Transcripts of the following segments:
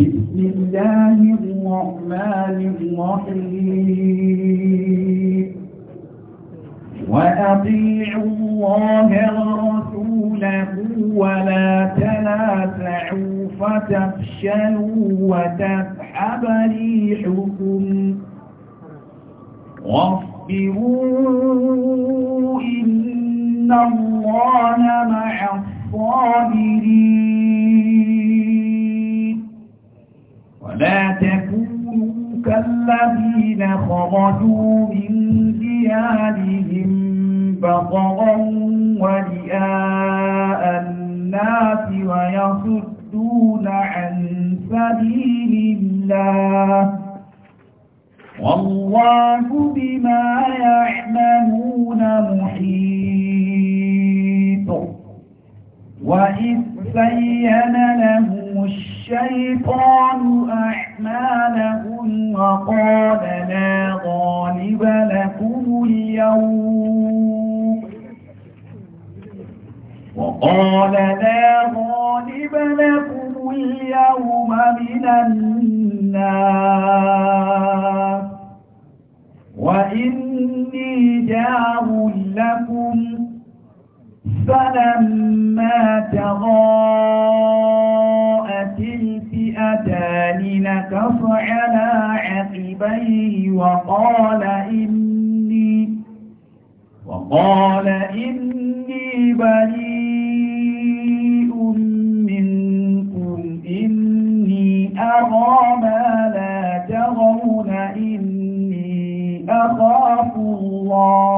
بسم الله الرحمن الرحيم وأطيعوا الله ورسوله ولا تنازعوا فتفشلوا وتذهب ريحكم واصبروا إن الله مع الصابرين ولا تكونوا كالذين خرجوا من ديارهم بطرا ورئاء الناس ويصدون عن سبيل الله والله بما يعملون محيط وإذ زين لهم الشيطان أحمالهم وقال لا غالب لكم اليوم وقال لا غالب لكم اليوم من الناس وإني جار لكم فلما تغاءت الفئتان نكص على عقبيه وقال إني وقال إني بريء منكم إني أرى ما لا ترون إني أخاف الله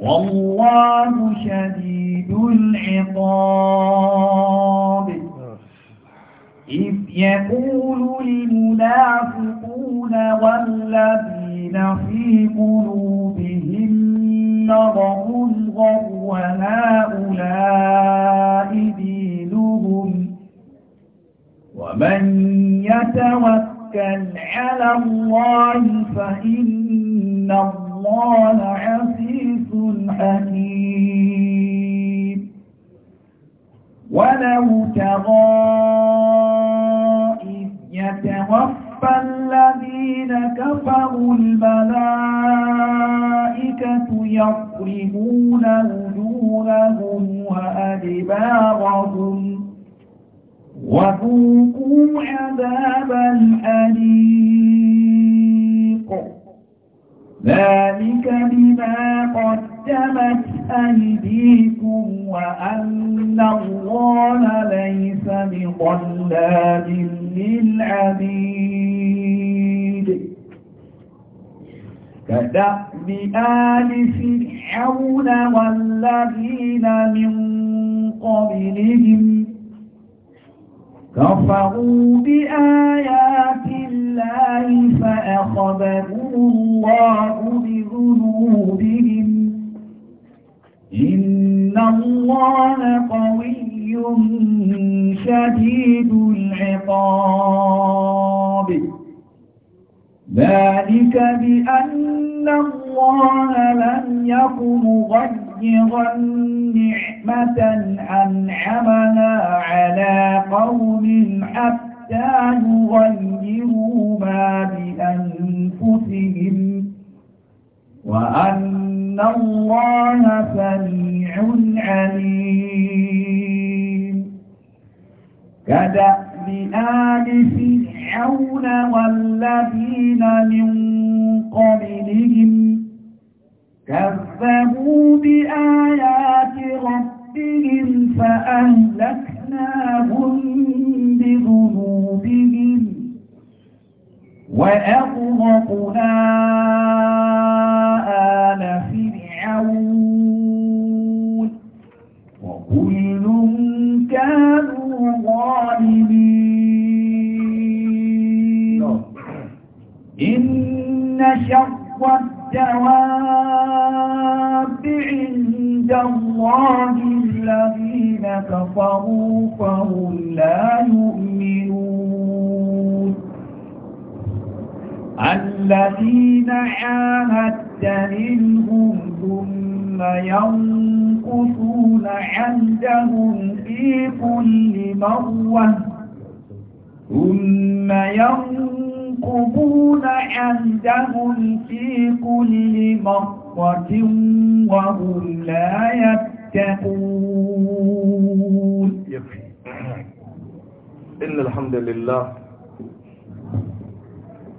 والله شديد العقاب إذ يقول المنافقون والذين في قلوبهم نظر غر هؤلاء دينهم ومن يتوكل على الله فإن الله عزيز عزيز حكيم ولو ترى إذ يتوفى الذين كفروا الملائكة يضربون وجوههم وأدبارهم وذوقوا عذاب الأليق ذلك بما قدمت أيديكم وأن الله ليس بظلام للعبيد كدأب آل فرعون والذين من قبلهم كفروا بآيات الله فأخذهم الله بذنوبهم إن الله قوي شديد العقاب ذلك بأن الله لم يكن غيظا نعمة أنعمها على قوم حتى حتى يغيروا ما بأنفسهم وأن الله سميع عليم كدأب آل فرعون والذين من قبلهم كذبوا بآيات ربهم فأهلكناهم بذنوبهم وأغرقنا آل فرعون وكل كانوا ظالمين إن شر الدواب عند عند الله الذين كفروا فهم لا يؤمنون الذين عاهدت منهم ثم ينقصون عندهم في كل مرة ثم ينقصون ينقبون عندهم في كل مرة وهم لا يتقون إن الحمد لله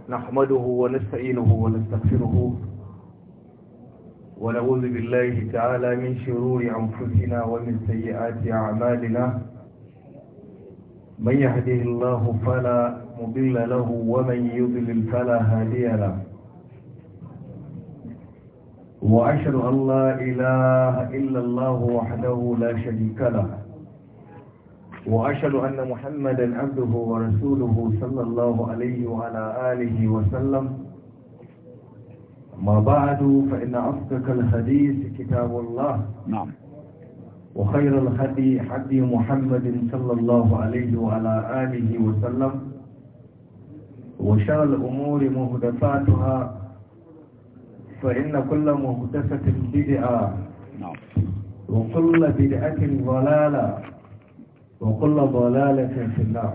نحمده ونستعينه ونستغفره ونعوذ بالله تعالى من شرور أنفسنا ومن سيئات أعمالنا من يهده الله فلا مضل له ومن يضلل فلا هادي له وأشهد أن لا إله إلا الله وحده لا شريك له وأشهد أن محمدا عبده ورسوله صلى الله عليه وعلى آله وسلم ما بعد فإن أصدق الحديث كتاب الله نعم وخير الهدي حدي محمد صلى الله عليه وعلى آله وسلم وشر الأمور مهدفاتها فإن كل مهدفة بدعة نعم. وكل بدعة ضلالة وكل ضلالة في النار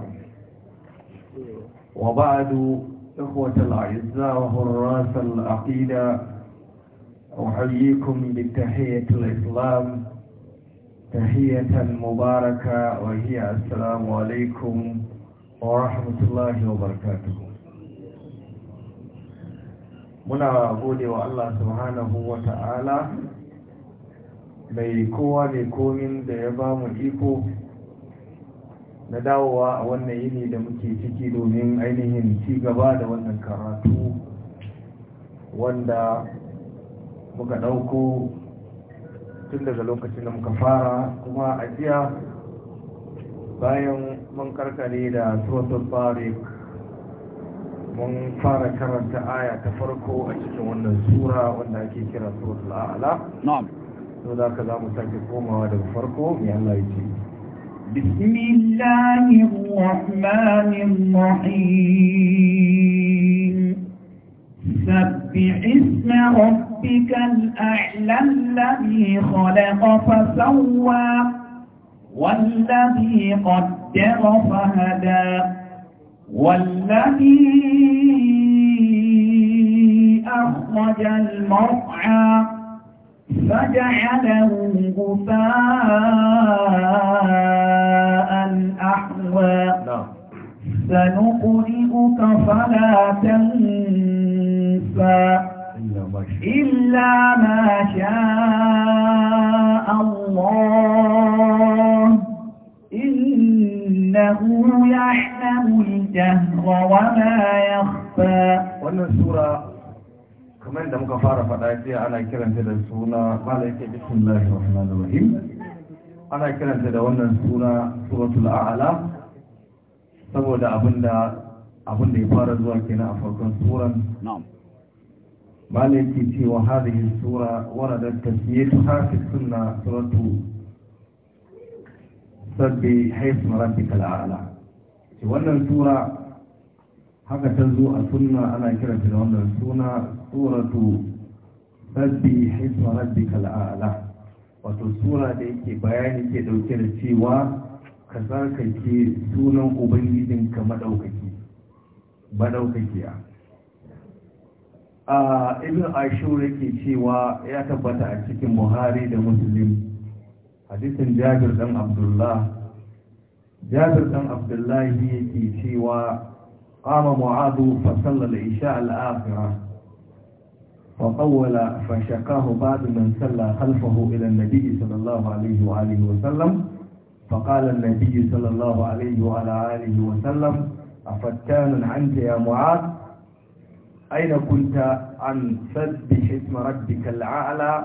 وبعد إخوة الأعزاء وهراس العقيدة أحييكم بتحية الإسلام تحية مباركة وهي السلام عليكم ورحمة الله وبركاته muna gode wa Allah subhanahu wa ta'ala mai kowa mai komin da ya ba mu iko na dawowa a wannan yini da muke ciki domin ainihin ci gaba da wannan karatu wanda muka ɗauko tun daga lokacin da muka fara kuma a jiya bayan mun karkare da suratul barik mun fara karanta aya ta farko a cikin wannan sura wanda ake kira suratul a'la na'am to da ka za mu sake komawa daga farko mai Allah ya ce bismillahir rahmanir rahim sabbih isma rabbikal a'la alladhi khalaqa fasawwa والذي قدر فهدى والذي أخرج المرعى فجعله غفاء أحوى نعم. سنقرئك فلا تنسى إلا ما شاء الله إنه يعلم الجهر وما يخفى wannan sura kamar da muka fara faɗa jiya ana kiranta da suna malaika bismillahir rahmanir rahim ana kiranta da wannan suna suratul a'la saboda abinda abinda ya fara zuwa kenan a farkon suran na'am sura في وهذه السورة وردت تسميتها في السنة سورة سبح اسم ربك الأعلى wannan sura haka ta zo a sunna ana kira da wannan suna suratu sabbi hisma rabbika al'ala wato sura da yake bayani ke dauke da cewa ka ke sunan ubangijin ka madaukaki a ibn ashur yake cewa ya tabbata a cikin buhari da muslim hadisin jabir dan abdullah جابر بن عبد الله بيتي سوى قام معاذ فصلى العشاء الآخرة فطول فشكاه بعد من صلى خلفه إلى النبي صلى الله عليه وآله وسلم فقال النبي صلى الله عليه وعلى آله وسلم أفتان عنك يا معاذ أين كنت عن سبح اسم ربك الأعلى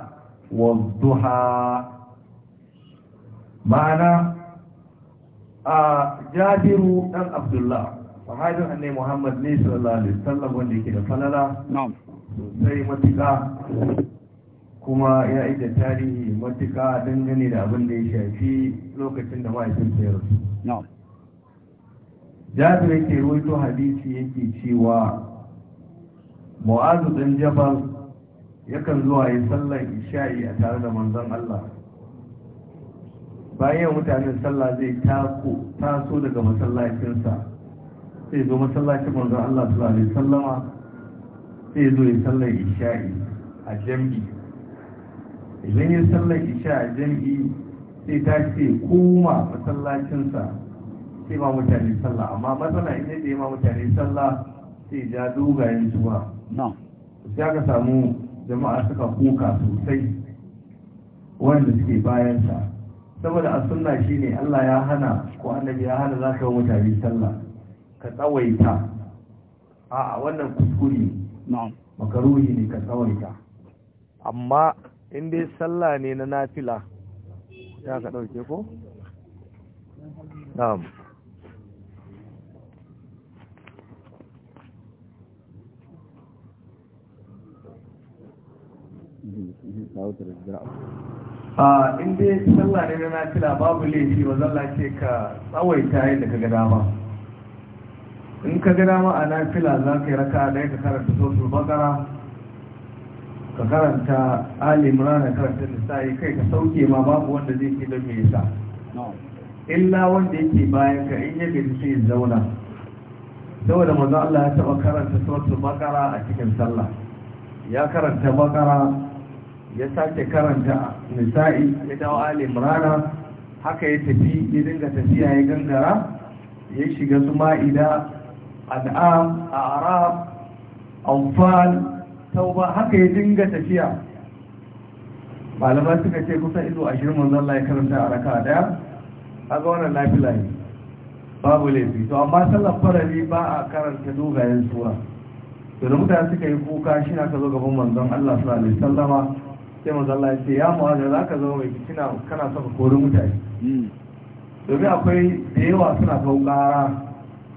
والضحى معنا a jabiru dan abdullah sahabin annai muhammad ne sallallahu alaihi wasallam wanda yake da falala sosai matuƙa kuma ya yi da tarihi matuƙa dangane da abin da ya shafi lokacin da mahaifin ya rasu jabir yake ruwaito hadisi yake cewa mu'azu dan jabal yakan zuwa yi sallar isha'i a tare da manzon Allah bayan mutanen sallah zai taso daga masallacinsa sai zo masallacin manzon Allah sallallahu alaihi sallama sai zo ya sallar isha'i a jam'i idan ya sallar isha a jam'i sai ta ce koma masallacinsa sai ma mutane sallah amma matsala in yadda ya ma mutane sallah sai ja dogayen zuwa sai aka samu jama'a suka koka sosai wanda suke bayansa saboda a sunna ne, Allah ya hana ko annabi ya hana za ka yi mutane sallah ka tsawaita a wannan kuskure makaruhi ne ka tsawaita amma in dai sallah ne na nafila ya ka ɗauke ko? na'am Thank you. a in dai sallah ne na nafila babu laifi wa zalla ce ka tsawaita yadda ka ga dama in ka ga dama a nafila za ka yi raka da ka karanta sosu bakara ka karanta alim rana karanta nisa'i kai ka sauke ma babu wanda zai ke don me yasa illa wanda yake bayan ka in ya gaji sai zauna saboda manzo Allah ya taba karanta sosu bakara a cikin sallah ya karanta bakara ya sake karanta nisa'i ya dawo al'imrana haka ya tafi ya dinga tafiya ya gangara ya shiga su ma'ida al'am a arab amfal tauba haka ya dinga tafiya malamai suka ce kusan ido a manzan Allah layi karanta a raka daya a ga wannan lafi layi. babu laifi to amma sallar farari ba a karanta dogayen tura to da mutane suka yi kuka shi na ka zo gaban manzon Allah sallallahu alaihi wasallama sai manzo Allah ya ce ya mu'aza za ka zama mai fitina kana son ka kori mutane hmm. domin akwai da yawa suna kawo ƙara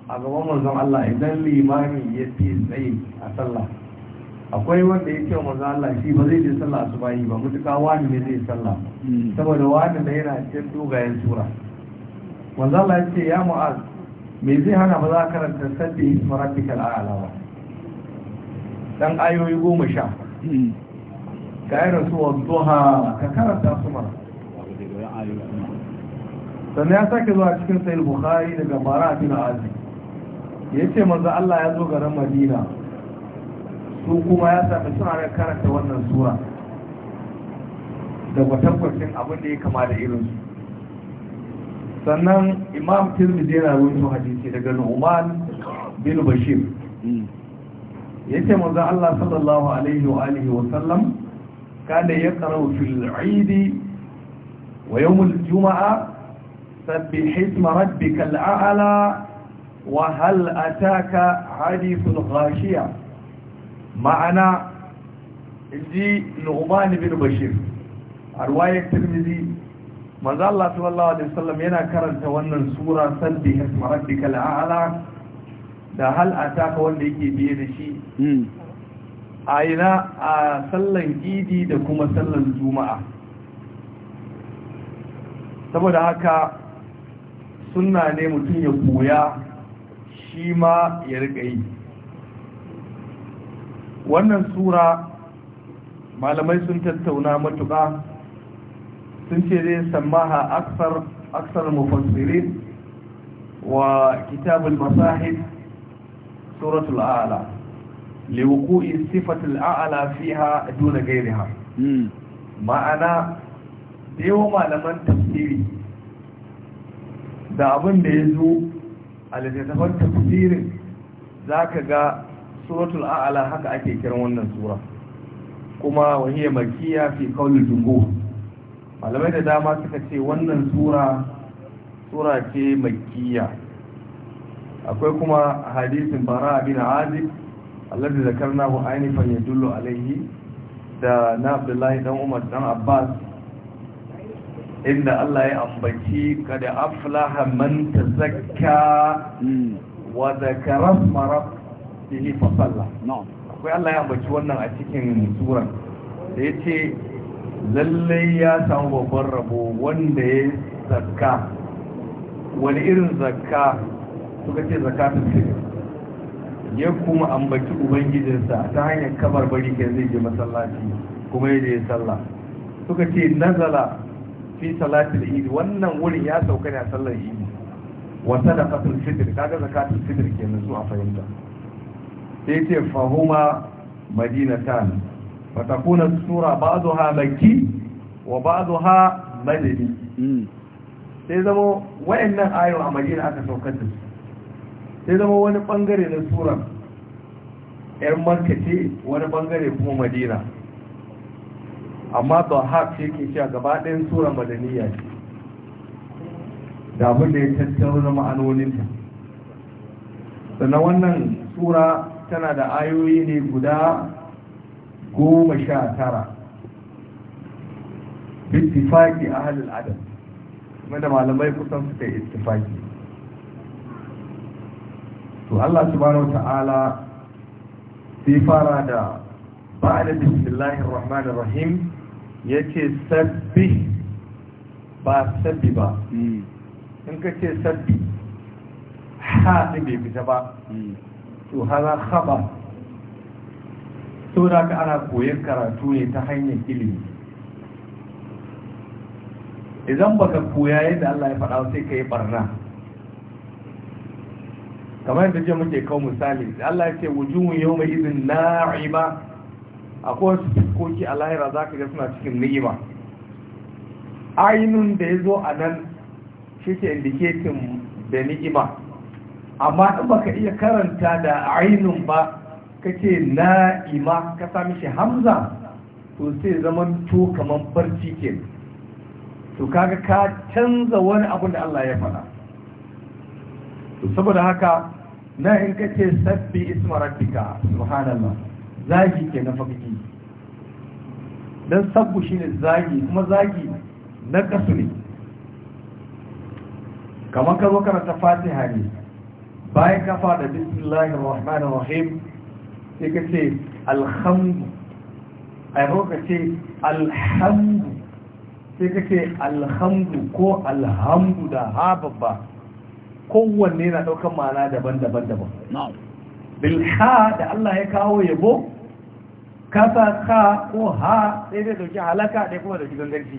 a gaban manzon Allah idan Limamin ya fi tsaye a sallah akwai wanda ya ce wa manzon Allah shi ba zai je sallah su bayi ba mutuka wani ne zai sallah hmm. saboda wani da yana cikin dogayen sura manzon Allah ya ce ya mu'az me zai hana ba za ka karanta sabbi ismi rabbikal ba dan ayoyi goma sha hmm. ka yi rasuwar duha ka karanta su mara sannan ya sake zuwa cikin sayil bukhari daga mara fina azi ya ce maza Allah ya zo garin madina su kuma ya sami suna da karanta wannan sura da kwatankwacin abin da ya kama da irinsu sannan imam tirmidhi yana rubutu hadisi daga nu'man bin bashir hmm. Ya ce maza Allah sallallahu alaihi wa alihi wa sallam كان يقرأ في العيد ويوم الجمعة سبح اسم ربك الأعلى وهل أتاك حديث غاشية معنى جي نعمان بن بشير رواية الترمذي ماذا الله صلى الله عليه وسلم ينا كرنت وانا سورة سبح اسم ربك الأعلى ده هل أتاك وانا يكي بيدشي a ina a sallan idi da kuma sallan juma'a saboda haka sunna ne mutum ya koya shi ma ya riƙa yi wannan sura malamai sun tattauna matuƙa sun ce zai sammaha aksar aksar mufassirin wa kitabul masahid suratul a'la liwuku'i sifatul a'ala fiha duna gairiha ma'ana da malaman tafsiri da abin da ya zo a littattafan tafsirin za ka ga suratul a'ala haka ake kiran wannan sura kuma wahiyya makiya fi kawai jumbo malamai da dama suka ce wannan sura sura ce makiya akwai kuma hadisin bara bin azik alladhi zakarnahu anifan yadullu alayhi da na abdullahi dan umar dan abbas inda Allah ya ambaci kada aflaha man tazakka wa zakara ma rabbihi fa salla akwai Allah ya ambaci wannan a cikin sura da yace lalle ya samu babban rabo wanda ya zakka wani irin zakka suka ce zakatun fitr ya kuma ambaci ubangijinsa ta hanyar kamar bari kai zai je masallaci kuma ya je sallah suka ce nazala fi salatul eid wannan wurin ya sauka ne a sallar eid wa sadaqatul fitr kaga zakatul fitr ke su a fahimta sai ce fahuma madinatan fa takuna sura ba'daha makki wa ba'daha madani hmm. sai zama wayannan ayoyi a madina aka saukar da su sai zama wani bangare na sura yan markace wani bangare kuma madina amma ba haka ke cewa gaba ɗayan madaniya ce da da ya tattauna ma'anoninta sannan wannan sura tana da ayoyi ne guda goma sha tara bittifaki a halin adam kuma da malamai kusan suka yi ittifaki to Allah subhanahu ta'ala sai fara da ba'da bismillahir rahmanir rahim yace sabbi ba sabbi ba in ka ce sabbi ha bai fita ba to haza khaba da ka ana koyar karatu ne ta hanyar ilimi idan baka koya yadda Allah ya faɗa sai ka yi barna kamar yadda ce muke kawo misali da Allah ya ce wujuhun yau mai izin a akwai wasu fuskoki a lahira za ka ga suna cikin ni'ima ainun da ya zo a nan shi ke indiketin da ni'ima amma in baka iya karanta da ainun ba kace na'ima ka sami shi hamza to sai zama to kamar barci ke to kaga ka canza wani abin da Allah ya faɗa saboda haka na in kace sabbi isma rabbika subhanallah zagi ke na fakki dan sabbu shine zagi kuma zagi na kasu ne kamar ka zo karanta fatiha ne bayan ka fada bismillahir rahmanir rahim sai ka ce alhamdu ai ka ce alhamdu sai ka ce alhamdu ko alhamdu da ha babba kowanne na ɗaukan ma'ana daban-daban daban bilha da Allah ya kawo yabo kasa ka ko ha sai dai dauki halaka ɗaya kuma dauki gangarci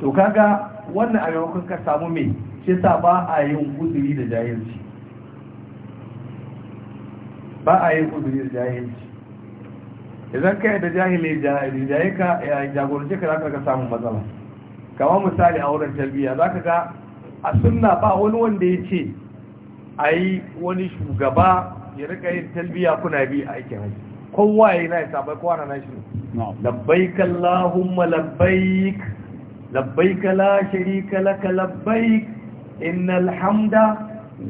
to kaga wannan a yawon ka samu me shi sa ba a yin guduri da jahilci ba a yin guduri da jahilci idan ka da jahili jahili ka ya jagoranci ka za ka samu matsala kamar misali a wurin tarbiyya ka ga a sunna ba wani wanda ya ce a yi wani shugaba ya rika yin talbiya kuna bi a aikin haji kowa ya yi na isa bai kowa na nashi Labbai Allahumma labbaik labbaik la sharika laka labbaik innal alhamda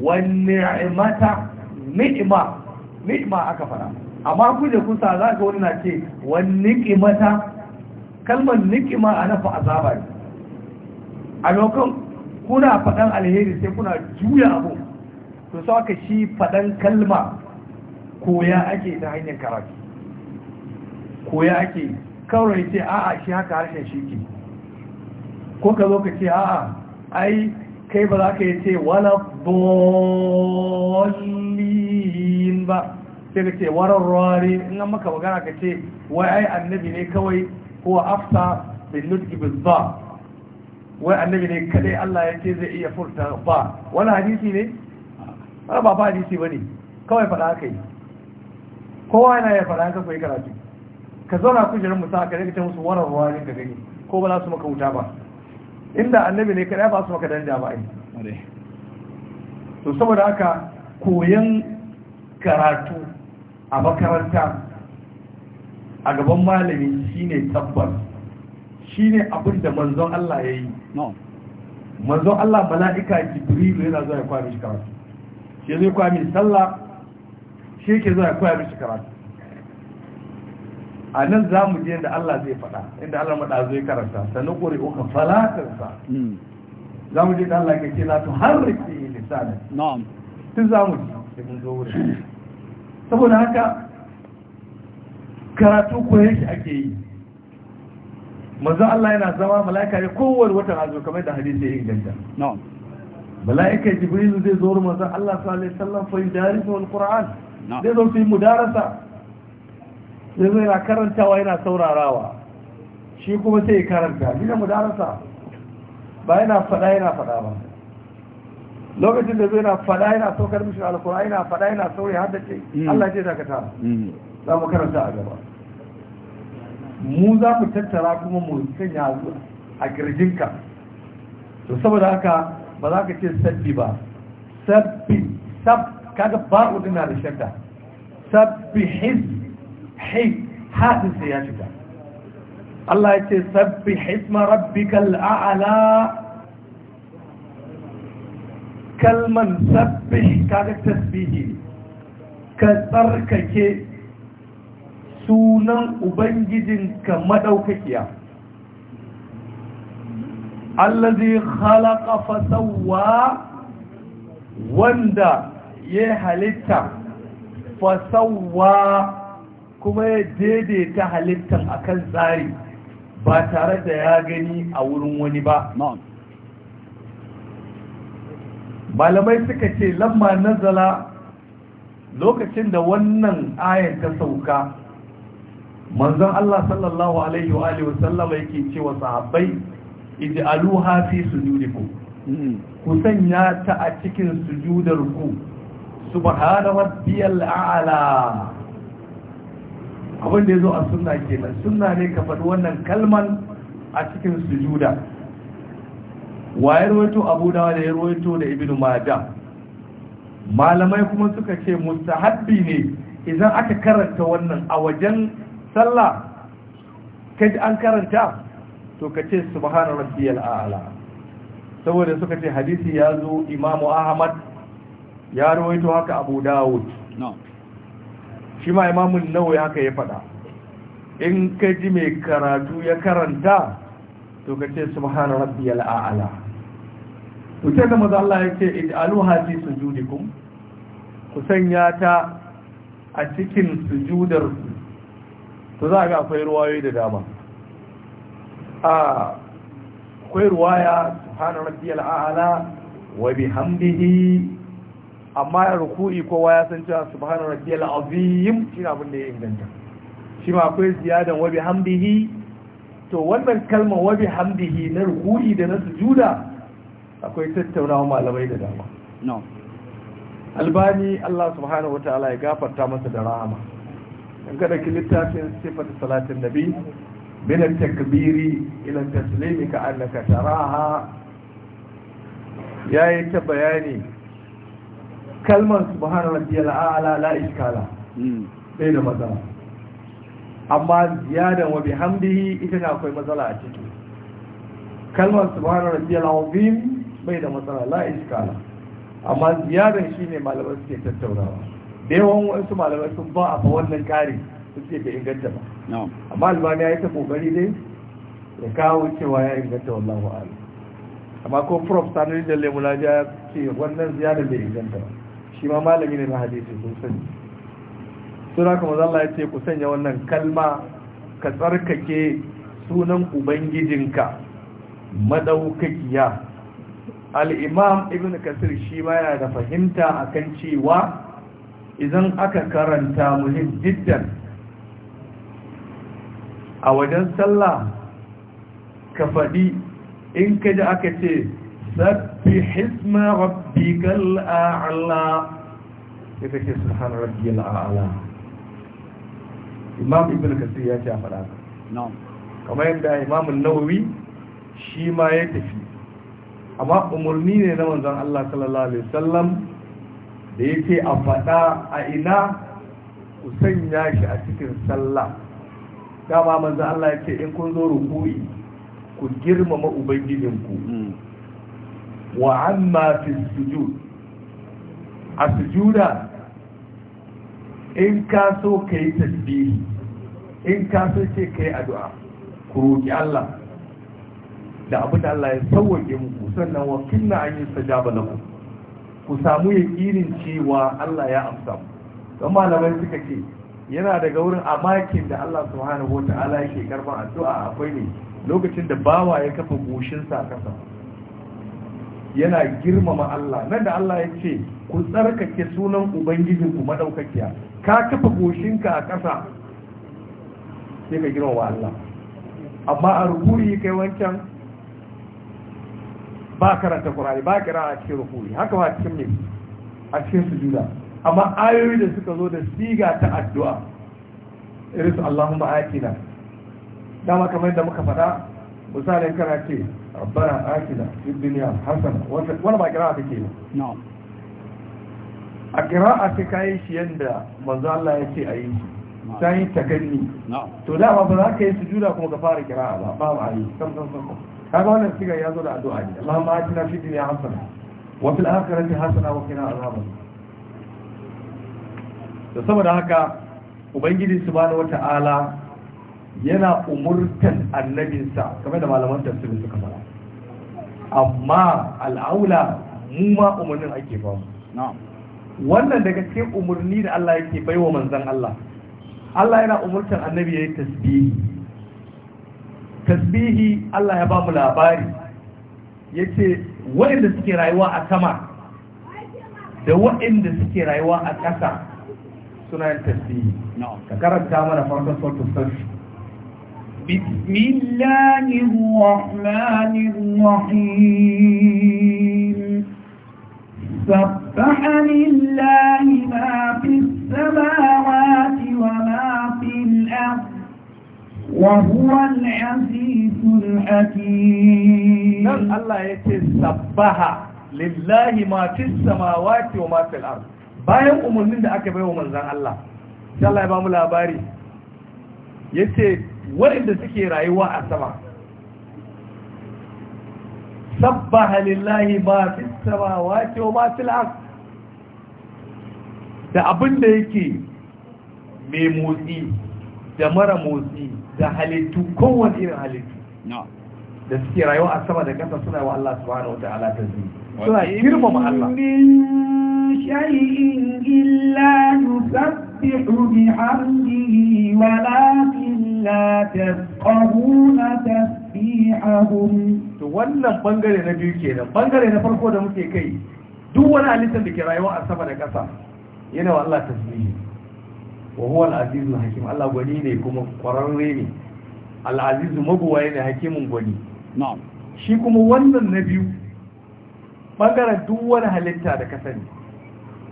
wan ni'mata ni'ima. Ni'ima aka fara amma ku da kusa za ka wani na ce wan ni'imata kalmar ni'ima a nafa azaba ne a lokacin kuna faɗan alheri sai kuna juya abu to aka shi faɗan kalma koya ake ta hanyar karatu koya ake kawai ce a'a shi haka harshen shi ke ko ka zo ka ce a'a ai kai ba za ka yi ce wala bolin ba sai ka ce wararware in an maka magana ka ce wai ai annabi ne kawai ko afta bin nutki ba. wai annabi ne kadai Allah ya ce zai iya furta ba wani hadisi ne ah, ba ba hadisi ba ne kawai faɗa haka yi kowa yana ya faɗa haka koyi karatu ka zauna kujerar musa ka rika ce musu wani ruwa ne ka gani ko ba za su maka wuta ba inda annabi ne kadai ba su maka danja ba ai to saboda haka koyan karatu a makaranta a gaban malami shine tabbas shine abin da manzon Allah ya yi Manzo Allah mala'ika jibrilu yana zuwa ya kwa mishi karatu shi zai kwa mishi sallah shi yake zuwa ya kwa mishi karatu a nan za mu je da Allah zai faɗa inda Allah maɗa zai karanta sannan kore uka sa za mu je da Allah ke ce la tu harriki lisanin na'am tun za mu ji mun zo wurin saboda haka karatu ko yake ake yi manzo Allah yana zama mala'ika ne kowane watan azumi kamar da hadisi ya inganta na'am mala'ika jibril zai zo manzo Allah sallallahu alaihi wasallam fa yudarisu alquran zai zo fi mudarasa zai zo yana karantawa yana saurarawa shi kuma sai ya karanta ni da mudarasa ba yana fada yana fada ba lokacin da zai na fada yana saukar mishi alquran yana fada yana da haddace mm. Allah ya dakata mm. za mu karanta a gaba mu za mu tattara kuma mu sanya a kirjinka to saboda haka ba za ka ce sabbi ba sabbi sab kaga ba'u dina da shakka sabbi his hi hadin sai ya shiga Allah ya ce sabbi hisma rabbikal a'la kalman sabbi kaga tasbihi ka tsarkake sunan ubangijin ubangijinka madaukakiya allazi khalaqa fasawa wanda ya halitta fasawa kuma ya daidaita halittar akan tsari ba tare da ya gani a wurin wani ba malamai suka ce lamma nazala lokacin da wannan ayan ta sauka manzon Allah sallallahu alaihi wa alihi wasallama yake cewa sahabbai ij'aluha fi sujudikum mm-hmm. ku sanya ta a cikin sujudar ku subhana rabbiyal a'la abin da yazo a sunna kenan sunna ne ka faɗi wannan kalman a cikin sujuda wa ya Abu Dawud da ya da Ibn Majah malamai kuma suka ce mustahabbi ne idan aka karanta wannan a wajen sallah ji an karanta to ka ce subhana rabbiyal a'la saboda suka ce hadisi ya zo imamu ahmad ya rawaito haka abu dawud shi ma imamun ya haka ya faɗa in ka ji mai karatu ya karanta to ka ce subhana rabbiyal a'la to sai Maza Allah ya ce ij'aluha fi sujudikum ku sanya ta a cikin sujudar to za a ga akwai ruwayoyi da dama a akwai ruwaya subhana rabbiyal a'la wa bihamdihi amma ya ruku'i kowa ya san cewa subhana rabbiyal azim shi abin da ya inganta shi ma akwai ziyadan wa bihamdihi to wannan kalma wa bihamdihi na ruku'i da na sujuda akwai tattaunawa malamai da dama albani Allah subhanahu Ta'ala ya gafarta masa da rahama in ka ɗauki littafin sifatu salatin nabi min takbiri ila taslimi ka annaka taraha yayi ta bayani kalmar subhana rabbiyal a'la la iskala hmm. bai da matsala amma ziyadan wa bihamdihi ita na akwai matsala a ciki kalmar subhana rabbiyal azim bai da matsala la iskala amma ziyadan shine malaman suke tattaunawa da yawan wasu malamai sun ba a fa wannan kare su ce bai inganta ba amma albani ya yi ta kokari dai ya kawo cewa ya inganta wallahu ala amma ko prof sanar da lemuna ya ce wannan ziyarar bai inganta ba shi ma malami ne na hadisi sun sani suna kuma zalla ya ce ku sanya wannan kalma ka tsarkake sunan ubangijinka madaukakiya al'imam ibn kasir shi ma yana da fahimta akan cewa idan aka karanta muhim a wajen sallah ka faɗi in ka ji aka ce sabbi hisma rabbi kal'a'ala ya kake suhan rabbi al'a'ala imam ibn kasir ya ce a faɗa Kama yadda imamun nawawi shi ma ya tafi amma umarni ne na manzan Allah sallallahu Alaihi wasallam da yake a faɗa a ina ku sanya shi a cikin sallah dama maza Allah ya ce in kun zo ruku'i ku girmama ubangijinku hmm. wa amma fi sujud a sujuda in ka so ka yi tasbihi in ka so ce ka yi addu'a ku roƙi Allah da abin da Allah ya sauwaƙe muku sannan wakil na an yi sajaba na ku ku samu yakinin cewa Allah ya amsa don malamai suka ce yana daga wurin amakin da Allah wata ta'ala yake karfan addu'a akwai ne lokacin da bawa ya kafa goshinsa a kasa yana girmama Allah nan da Allah ya ce ku tsarkake sunan ubangijin ku madaukakiya ka kafa goshinka a kasa sai ka girmama Allah amma a rubuyi kai wancan ba karanta qur'ani ba kira a cikin ruku'i haka ba cikin ne a cikin sujuda amma ayoyi da suka zo da siga ta addu'a irin su Allahumma na dama kamar da muka faɗa misalin kana ce rabbana atina fid dunya hasana wala ba kira kake yi na'am a kira'a ta kayi shi yadda manzo Allah ya ce a yi shi ta yi taganni to dama ba za ka yi sujuda kuma ka fara kira'a ba ba ba a yi sam sam sam kaga wannan siga ya zo da addu'a ne ma atina fi dunya hasana wa fil akhirati hasana wa kina azaban da saboda haka ubangiji subhanahu wata'ala yana umurtan annabinsa kamar da malaman tafsir suka fara amma al'aula mu ma umarnin ake ba wannan daga cikin umarni da Allah yake baiwa manzon Allah Allah yana umurtan annabi yayin tasbihi tasbihi Allah ya ba mu labari ya ce waɗanda suke rayuwa a sama da waɗanda suke rayuwa a ƙasa suna yin tasbihi ka karanta mana farkon sautin sarfi بسم الله الرحمن الرحيم سبح لله ما في السماوات وما وهو العزيز الحكيم الله يتسبح لله ما في السماوات وما في الأرض bayan umarnin da aka baiwa manzan Allah sai Allah ya ba mu labari yace waɗanda suke rayuwa a sama sabbaha lillahi ma fi samawati wa ma fil ard da abin da yake mai motsi da mara motsi da halittu kowane irin halittu da suke rayuwa a sama da gasa suna wa Allah subhanahu wa ta'ala tasbih suna girmama Allah شيء إلا يسبح بحمده ولكن لا تفقهون To wannan bangare na biyu kenan bangare na farko da muke kai duk wani halittar da ke rayuwa a sama da ƙasa yana wa Allah tasbihi wa huwa al-azizul hakim Allah gwani ne kuma kwararre ne al-azizu mabuwaye ne hakimin gwani na'am shi kuma wannan na biyu bangaren duk wani halitta da ka sani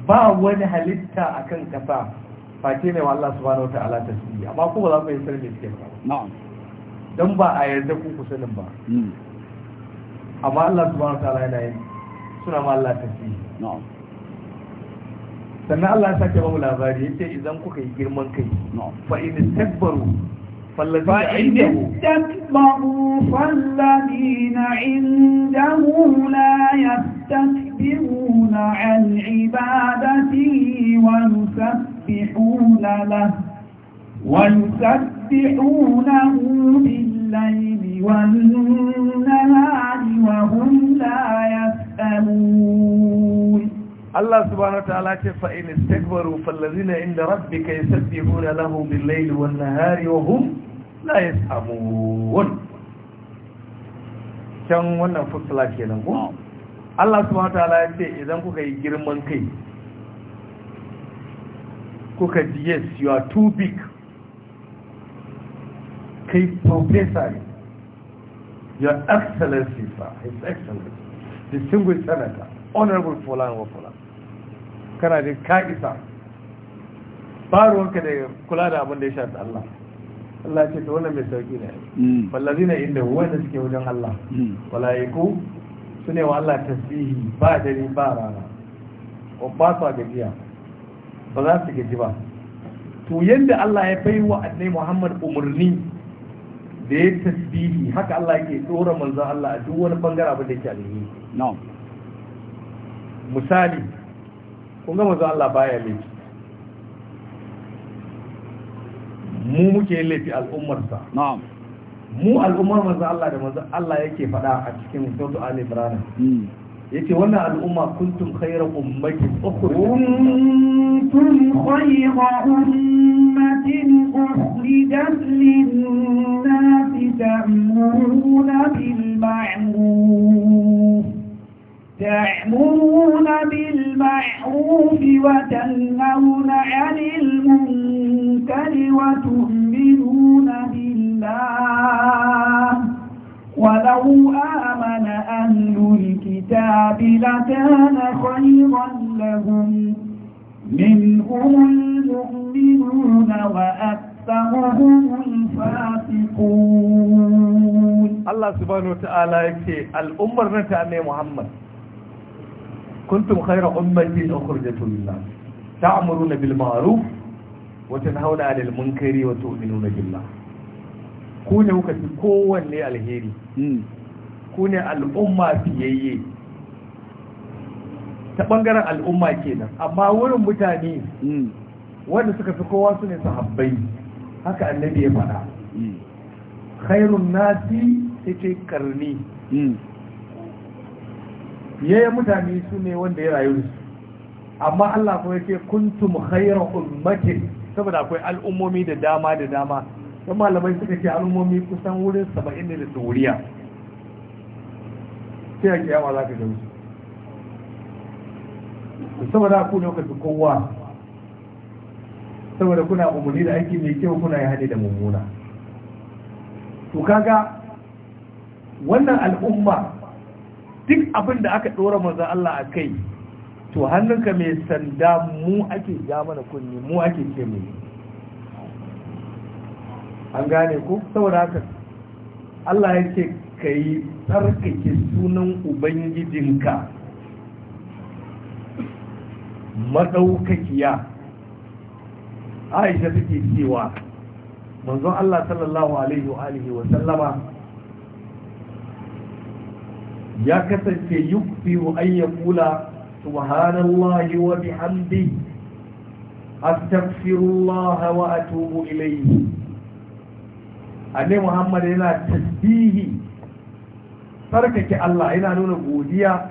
ba wani halitta akan kasa face ne wa Allah subhanahu wataala tasbihi amma ko ba za ku yi sirri cikin ba na'am dan ba a yarda ku ku sanin ba hmm. amma Allah subhanahu wataala yana yi suna ma Allah tasbihi na'am sannan Allah ya sake bamu labari yace idan kuka yi girman kai fa in istakbaru فإن استكبروا فالذين عنده لا يستكبرون عن عبادته ويسبحون له ويسبحونه بالليل والنهار وهم لا يسأمون Allah subhanahu wataala ce fa in istakbaru fallazina inda rabbika yusabbihuna lahu bil-layli wan-nahari wa hum la yasamun can wannan fusula kenan ko Allah subhanahu wataala ya ce idan kuka yi girman kai kuka ji yes you are too big kai professor your excellency sir his excellency distinguished senator honorable fulan wa fulan kana da ka'isa isa da kula da abin da ya shafi Allah Allah ce ta wannan mai sauki ne hmm. wallazi na inda wanda suke wajen Allah hmm. walayiku su ne wa Allah tasbihi ba dare ba rana ba su gajiya ba za su gaji ba to yadda Allah ya bai wa annai Muhammad umarni da ya tasbihi haka Allah yake dora manzon Allah a duk wani bangare abin da yake alheri misali kun ga manzo Allah baya laifi mu muke laifi al'ummarsa mu al'ummar manzo Allah da manzo Allah yake faɗa a cikin suratul Ali Imran hmm. yace wannan al'umma kuntum khayra ummatin kuntum khayra ummatin ukhrijat lin-nasi ta'muruna bil ma'ruf تأمرون بالمعروف وتنهون عن المنكر وتؤمنون بالله ولو آمن أهل الكتاب لكان خيرا لهم منهم المؤمنون وأكثرهم الفاسقون الله سبحانه وتعالى يكفي الأمة نتعني محمد كنتم خير ummatin اخرجت lin تعمرون بالمعروف وتنهون عن المنكر وتؤمنون بالله munkari wa tu'minuna billah ku ne kuka kowanne alheri ne al'umma ta bangaren al'umma kenan amma wurin mutane wanda suka fi kowa su ne sahabbai haka annabi ya faɗa khairun nasi ce karni yayin mutane su ne wanda ya rayu su amma Allah ko yake kuntum khayra ummati saboda akwai al'ummomi da dama da dama don malamai suka ce al'ummomi kusan wurin saba'in da turiya sai ake yawa za ka ga su saboda ku ne kuka kowa saboda kuna umarni da aiki mai kyau kuna yi hade da mummuna to kaga wannan al'umma duk abin da aka ɗora maza Allah a kai to hannunka mai sanda mu ake ja mana kunni mu ake ce mu an gane ku saboda haka Allah ya ce ka yi tsarkake sunan ubangijinka maɗaukakiya aisha take cewa manzon Allah sallallahu alaihi wa sallama ya kasance yukfiru an ya kula subhanallahi wa bihamdi astaghfirullah wa atubu ilayhi annabi Muhammad yana tasbihi farkake Allah yana nuna godiya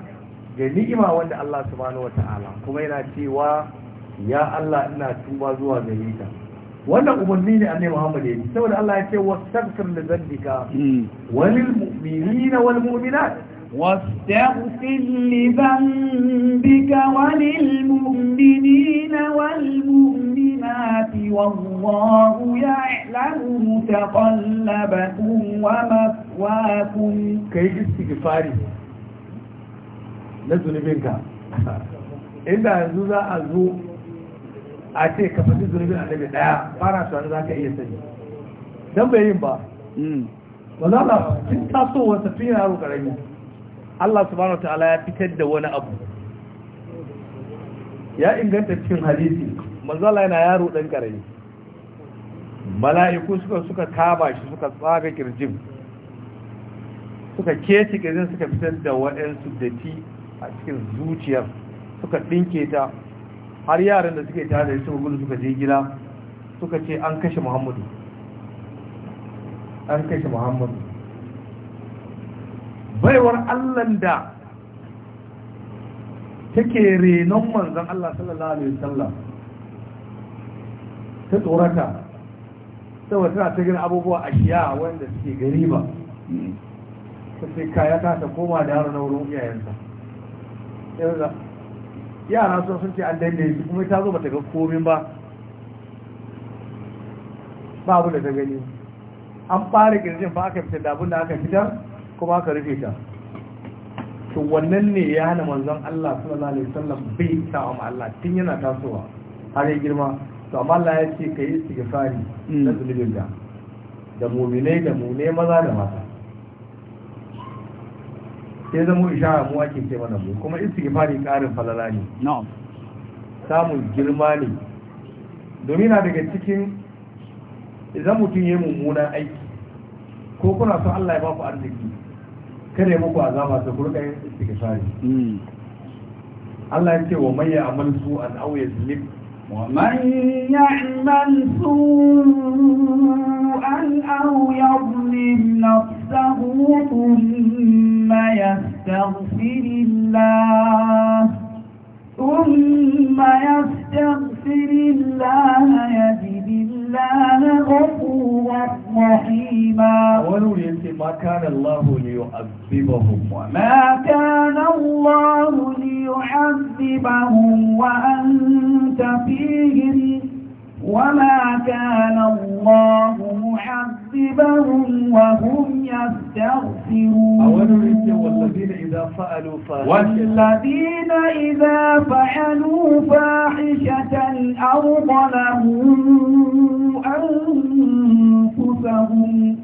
ga ni'ima wanda Allah subhanahu wa ta'ala kuma yana cewa ya Allah ina tuba zuwa gare ka wannan umarni ne annabi Muhammad ya yi saboda Allah ya ce wastaghfir li dhanbika wa lil mu'minina wal mu'minat واستغفر لذنبك وللمؤمنين والمؤمنات والله يعلم متقلبكم ومثواكم كي استغفاري na zunubinka inda yanzu za a zo a ce ka faɗi zunubin annabi ɗaya fara su za ka iya sani don bai yin ba ba za Allah subhanahu ta'ala ya fitar da wani abu ya inganta cikin hadisi manzala yana yaro ɗan ƙarai. mala'iku suka suka kama shi suka tsaga kirjin suka keci kirjin suka fitar da waɗansu dati a cikin zuciyar suka ɗinke ta har yaran da suke tare da su gudu suka je gida suka ce an kashe muhammadu baiwar allan da take renon manzan allah sallallahu alaihi wasallam ta tsorata saboda tana ta gina abubuwa a shiya wanda suke gari ba ta sai kaya ta koma da yaro na wurin iyayensa yara sun sun ce an danne shi kuma ta zo ba ta ga komin ba babu da ta gani an fara girgin ba aka fitar da abin da aka fitar kuma aka rufe ta to wannan ne ya hana manzon Allah sallallahu alaihi wasallam bai ta ma Allah tun yana tasowa har ya girma to amma Allah ya ce kai istighfari mm. da zulubin da da mu'minai da ne maza da mata sai zamu isha mu ake ce mana mu kuma istighfari karin falala ne na'am samun girma ne domin na daga cikin idan mutum ya mummuna aiki ko kuna so Allah ya ba ku arziki kada ya muku zama ta kurka yin istighfari Allah ya ce wa mai ya amal su an aw yazlim wa man ya'mal su an aw yadlim nafsahu thumma yastaghfirillah ثم يستغفر الله ما كان الله ليعذبهم وما كان الله ليعذبهم وأنت فيهم وما كان الله معذبهم وهم يستغفرون والذين إذا فعلوا فاحشة أو ظلموا أنفسهم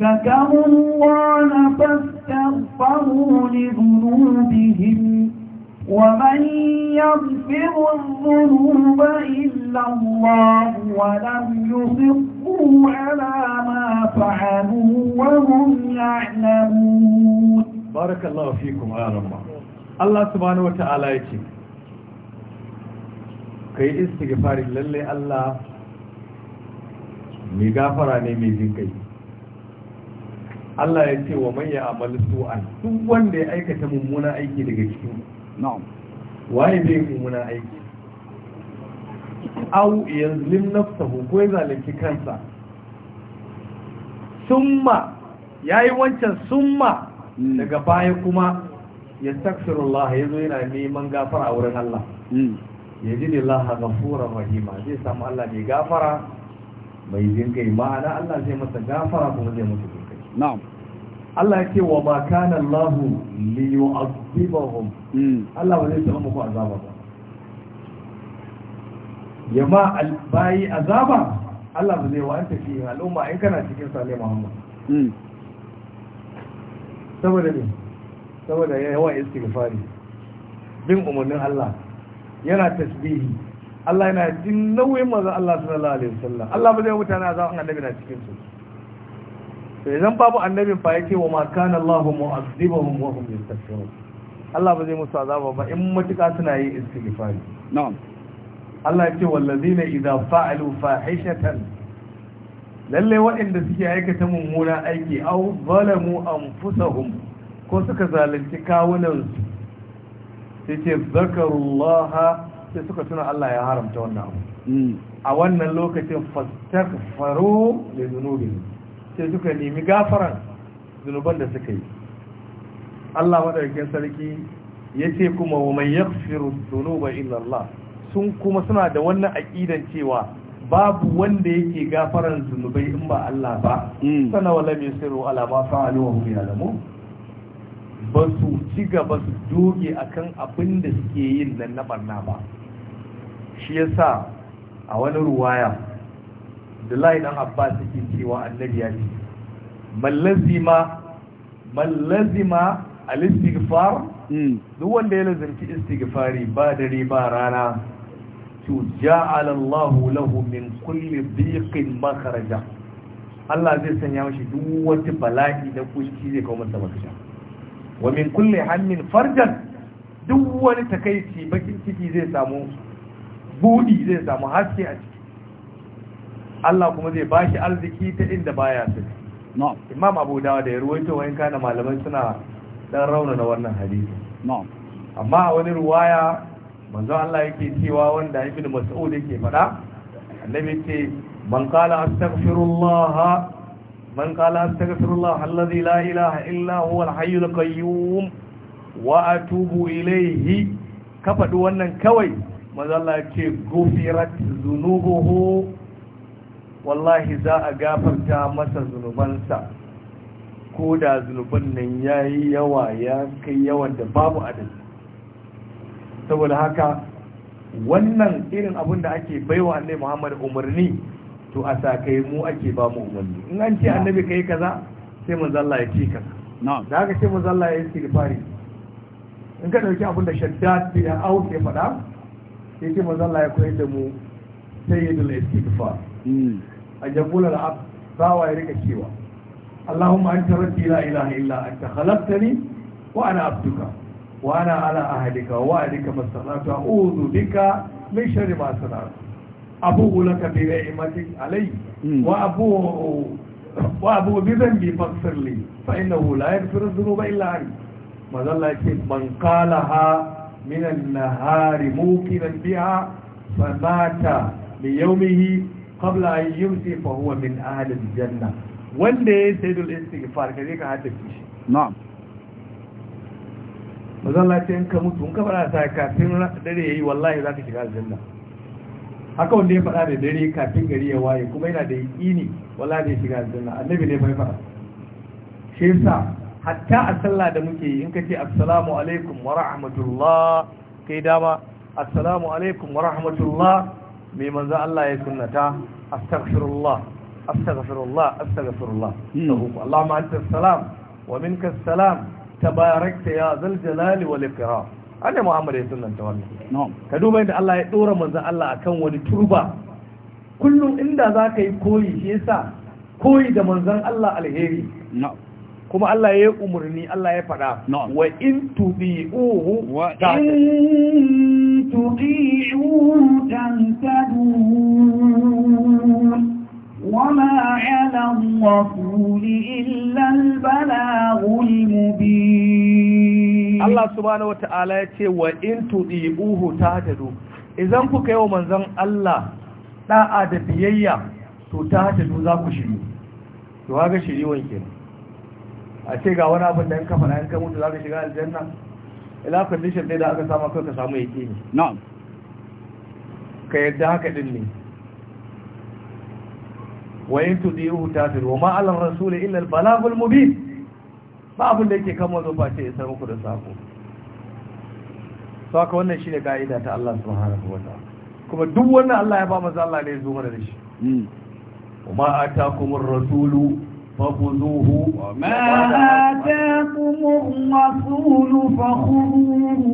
ذكروا الله فاستغفروا لذنوبهم ومن يغفر الذنوب إلا الله ولم يصروا على ما فعلوا وهم يعلمون بارك الله فيكم يا رب الله سبحانه وتعالى يتي kai istighfari lalle Allah mai gafara ne mai jinkai Allah ya ce wa a malisu su'an duk wanda ya aikata mummuna aiki daga cikin na'am waye mummuna aiki aw yazlim nafsahu ko ya zalunci kansa summa yi wancan summa daga baya kuma ya ya zo yana neman gafara a wurin Allah hmm. ya ji lillaha gafuran rahima zai samu Allah mai gafara mai jinkai ma'ana Allah zai masa gafara kuma zai mutu na'am Allah yake wa ma kana Allah li yu'adhibahum mm. Allah ba zai taɓa muku azaba ba yamma bayi azaba Allah ba zai wa anta fi al'umma in kana cikin Sale Muhammad mm. saboda ne saboda yawan istighfari bin umarnin Allah yana tasbihi Allah yana jin nauyin manzon Allah sallallahu alaihi wasallam Allah ba zai mutane azaba annabi na cikin su to idan babu annabin fa yake wa ma kana Allahu mu'azzibahum wa hum yastaghfirun Allah ba zai musu azaba ba in matuka suna yi istighfari na'am Allah yake wallazina idza fa'alu fahishatan lalle waɗanda suke aikata mummuna aiki aw zalamu anfusahum ko suka zalunci kawunansu sai ce zakarullaha sai suka tuna Allah ya haramta wannan abu hmm. a wannan lokacin fastaghfiru li dhunubihim sai suka nemi gafaran zunuban da suka yi Allah maɗaukakin sarki ya ce kuma wa mai yaghfiru dhunuba illa Allah sun kuma suna da wannan aƙidan cewa babu wanda yake gafaran zunubai in ba Allah ba hmm. sana wa mai sirru ala sa fa'alu wa hum lamu ba su ci gaba su doge akan abin da suke yin nan na barna ba shi yasa a wani ruwaya abdullahi dan abbas yake cewa annabi ya ce mallazima mallazima al-istighfar hmm. duk wanda ya lazimci istighfari ba dare ba rana to ja'ala Allahu lahu min kulli dhiqin makhraja Allah zai sanya mashi duk wata bala'i da kunci zai kawo masa mafita wa min kulli hammin farjan duk wani takaici bakin ciki zai samu budi zai samu haske a ciki Allah kuma zai bashi arziki ta inda baya su imam abu dawa da ya ruwaito wa'in kana malaman suna dan na wannan hadisi amma a wani ruwaya manzo Allah yake cewa wanda ibn mas'ud yake faɗa annabi ce man qala astaghfirullah man qala astaghfirullah alladhi la ilaha illa huwa al-hayyul qayyum wa atubu ilayhi ka faɗi wannan kawai manzo Allah yake gufirat zunubuhu wallahi za a gafarta masa zunubansa ko da zunuban nan ya yi yawa ya kai yawan da babu adal saboda haka wannan irin abin da ake baiwa ne Muhammad umarni to a sakai mu ake ba mu umarni in an ce annabi kai kaza sai mun zalla ya ce ka da haka sai mun zalla ya yi istighfari in ka dauki abin da shaddad bi au ke fada sai ce mun zalla ya koyar da mu sayyidul istighfar hmm. an yakula al-abd bawa ya rika cewa Allahumma anta rabbi la ilaha illa anta khalaqtani wa ana abduka wa ana ala ahdika wa wa'dika mastata'tu a'udhu bika min sharri ma sana'tu abuhu laka bi ni'matik alayya wa abu wa abuhu bi dhanbi faghfir li fa innahu la yaghfiru dhunuba illa anta mazalla yake man qalaha min an-nahari mukinan biha fa mata li yawmihi Kabla an yumsi fa huwa min ahli janna. wanda ya sayyidul istighfar kaje ka haddace shi na'am mazalla ce in ka mutu in ka fara ta kafin dare ya yayi wallahi zaka shiga aljanna haka wanda ya faɗa da dare kafin gari ya waye kuma yana da yaqini wallahi zai shiga aljanna annabi ne mai faɗa. shi yasa hatta a sallah da muke yi in ka ce assalamu alaikum wa rahmatullah kai dama assalamu alaikum wa rahmatullah mai manzo Allah ya sunnata astaghfirullah astaghfirullah astaghfirullah hmm. sabuku Allahumma anta salam wa minka salam tabarakta ya zal jalali wal ikram annabi Muhammad ya sunnanta wannan ka duba inda Allah ya dora manzo Allah akan wani turba kullum inda zaka yi koyi shi yasa koyi da manzon Allah alheri na'am kuma Allah ya yi umarni Allah ya faɗa wa in tuɗi uhu dan tadu wama yalan wakuli illan balaguli mubi Allah subhanahu wata'ala ya ce wa in tuɗi uhu ta tadu idan kuka yi wa manzan Allah ɗa'a da biyayya to ta tadu za ku shiri yawa ga shiri wanke a ce ga wani abin da in kafa na in ka mutu za ka shiga aljanna ila condition dai da aka samu kai ka samu yake ne na'am ka yadda haka din ne wa in tudihu tafir wa ma ala rasul illa al balagul mubin ba abin da yake kan mazo ba ce isar muku da sako saka wannan shine kaida ta Allah subhanahu wa ta'ala kuma duk wannan Allah ya ba manzo Allah ne ya zo mana da shi hmm. wa ma kuma rasulu فخذوه وما آتاكم الرسول فخذوه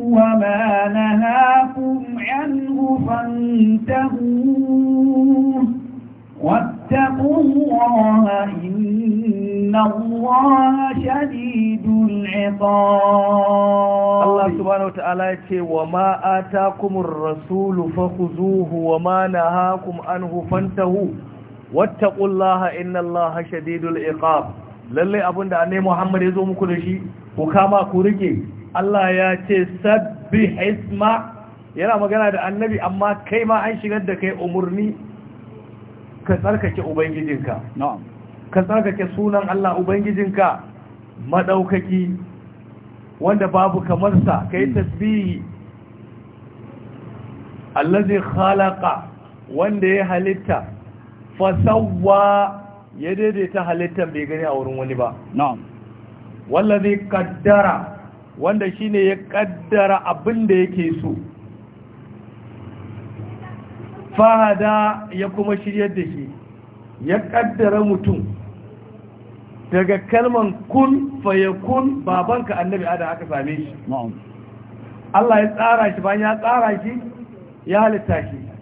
وما نهاكم عنه فانتهوه واتقوا الله إن الله شديد العقاب الله سبحانه وتعالى وما آتاكم الرسول فخذوه وما نهاكم عنه فانتهوه wattaqullaha innallaha shadidul iqab lalle abunda annabi Muhammad ya zo muku da shi ku kama ku rike Allah ya ce sabbi isma yana magana da annabi amma kai ma an shigar da kai umurni ka tsarkake ubangijinka na'am ka tsarkake sunan Allah ubangijinka madaukaki wanda babu kamar sa kai hmm. tasbihi allazi khalaqa wanda ya halitta fasawwa ya daidaita halittar bai gani a wurin wani ba zai kaddara wanda shine ya kaddara abin da yake so fahada ya kuma shirya da shi ya kaddara mutum daga kalman kun fayakun babanka annabi adam aka same shi Allah ya tsara shi bayan ya tsara shi ya halitta shi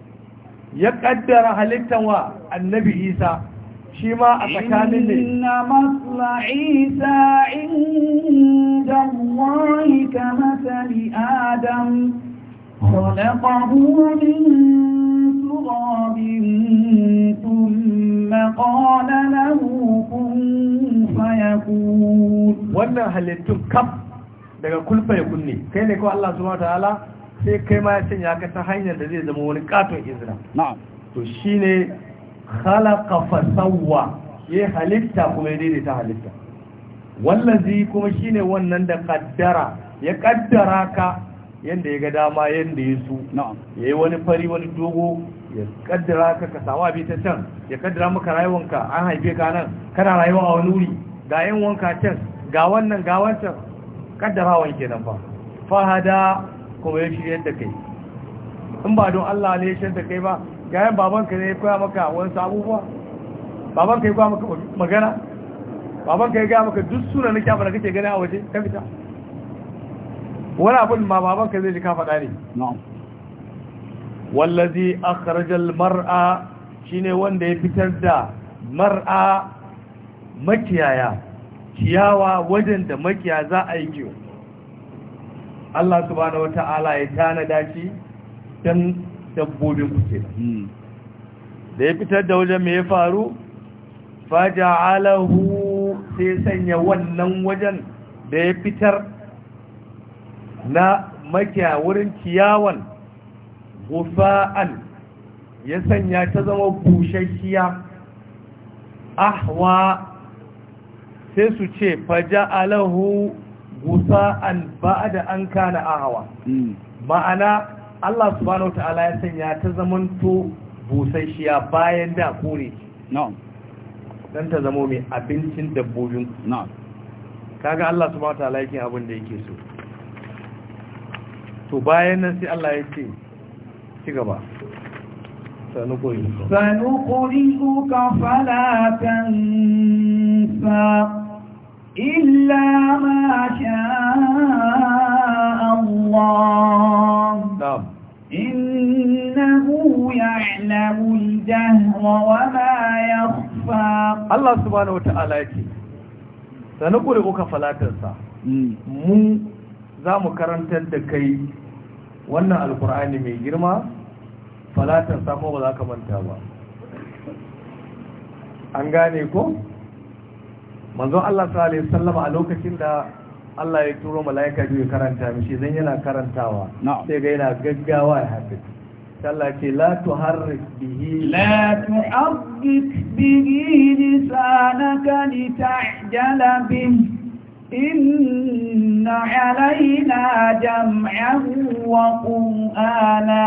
ya kaddara halittan wa annabi isa shi ma a tsakanin ne inna masla isa inda allahi ka masali adam khalaqahu min turabin thumma qala lahu kun wannan halittun kaf daga kulfa ya kunne kai ne ko Allah subhanahu wa sai kai ma ya sanya ka ta hanyar da zai zama wani katon izina to shi ne halaka fasawa ya halitta kuma ya ta halitta wallazi kuma shi ne wannan da kaddara ya kaddara ka yadda ya ga dama yadda ya su ya yi wani fari wani dogo ya kaddara ka ka samu bi ta can ya kaddara maka rayuwanka an haife ka nan kana rayuwa a wani wuri ga yan wanka can ga wannan ga wancan kaddarawan kenan fa fahada kuma ya shiryar da kai in ba don Allah ne ya shiryar da kai ba yayin babanka ne ya koya maka wani abubuwa babanka ya koya maka magana babanka ya gaya maka duk suna na kyafa da kake gani a waje ka fita wani abin ma babanka zai ji ka faɗa ne wallazi akhrajal mar'a shine wanda ya fitar da mar'a makiyaya ciyawa wajen da makiya za a yi kiwo Allah subhanahu wata'ala ya tanada shi dan dabbobin kuke hmm. da ya fitar da wajen me ya faru faja'alahu sai sanya wannan wajen da ya fitar na makiya wurin ciyawan gufa'an ya sanya ta zama bushashiya ahwa sai su ce faja'alahu an ba'a da an kana a hawa. Hmm. ma'ana Allah subhanahu ta'ala ya sanya ta zamanto busasshiya bayan da kone. na'am dan ta zamo mai abincin dabbobin na'am kaga Allah subhanahu ya yake abin da yake so to bayan nan sai Allah ya ce ci gaba sanuqri'uka sanuqri'uka falatan sa إلا ما شاء الله نعم إنه يعلم الجهر وما يخفى الله سبحانه وتعالى يكي سنقرئك فلا mu za mu karantar da kai wannan alkur'ani mai girma falatar ko ba za ka manta ba an gane ko? manzo Allah sallallahu alaihi wasallam a lokacin da Allah ya turo mala'ika biyu karanta mishi dan yana karantawa sai ga yana gaggawa ya hafi Allah ce la tuharrik bihi la tuharrik bihi lisanaka lita'jala bihi إن علينا جمعه وقرآنا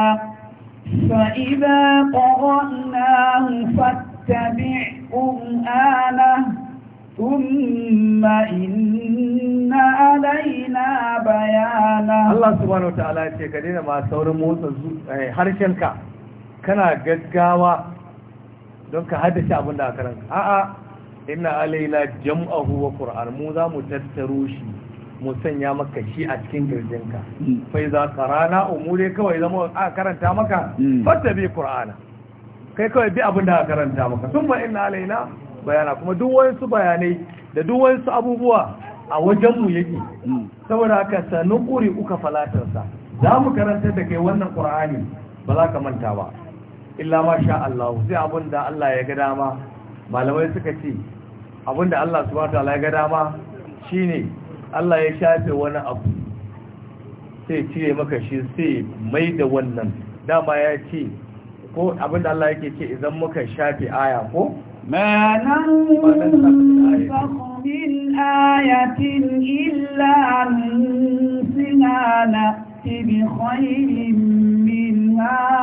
فإذا قرأناه فاتبع قرآنه ثم إن علينا بيانا الله سبحانه وتعالى ce ka daina ma saurin motsa eh, harshenka kana gaggawa don ka haddace abin da aka ranka a'a inna alaina wa mu za mu shi mu sanya maka shi a cikin girjinka fai za umure kawai zama a karanta maka hmm. bi kai kawai bi abin karanta maka ba ina alaina bayana kuma duk wasu bayanai da duk wasu abubuwa a wajenmu yake saboda haka sanin ƙuri uka falatarsa za mu karanta da kai wannan ƙur'ani ba za ka manta ba illa ma sha Allah sai abin Allah ya ga dama malamai suka ce abin da Allah subhanahu wataala ya ga dama shine Allah ya shafe wani abu sai cire maka shi sai mai da wannan dama ya ce ko abin Allah yake ce idan muka shafe aya ko ما ننسخ من آية إلا ننسها نأتي بخير منها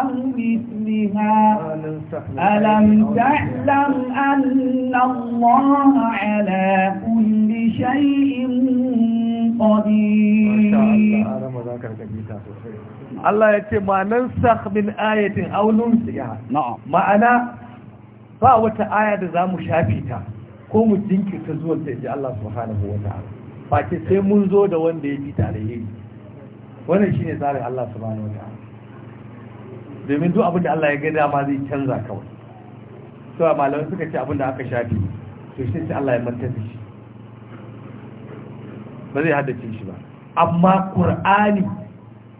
أو مثلها ألم تعلم أن الله على كل شيء قدير Allah ما ننسخ من آية أو ayatin نعم siya. Ma'ana ba wata aya da za mu shafi ta ko mu jinkirta zuwan ta ji Allah subhanahu wa ta'ala ba ke sai mun zo da wanda ya ji tare yi wannan shine tsarin Allah subhanahu wa ta'ala domin duk abin da Allah ya ga dama zai canza kawai to malamai suka ce abin da aka shafi to shi sai Allah ya mantar da shi ba zai haddace shi ba amma Qur'ani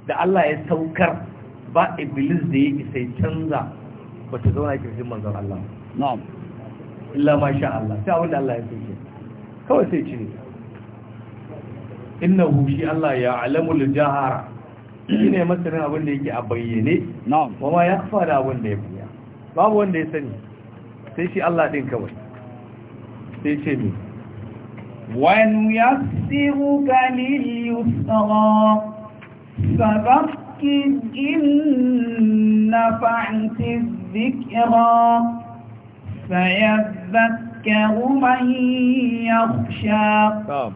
da Allah ya saukar ba iblis da yake sai canza ba ta zauna kirjin manzon Allah na'am illa ma sha Allah sai wanda Allah ya so kawai sai cire innahu shi Allah ya alamu al jahara shine masanin abin da yake a bayyane na'am kuma ya fara abin da ya buya babu wanda ya sani sai shi Allah din kawai sai ce ni وَنُيَسِّرُكَ لِلْيُسْرَى فَذَكِّرْ إِن نَّفَعَتِ dhikra فيذكر من يخشى نعم.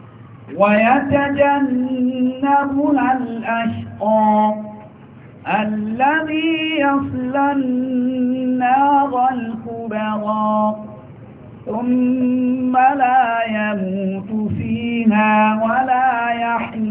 ويتجنبها الأشقى الذي يصلى النار الكبرى ثم لا يموت فيها ولا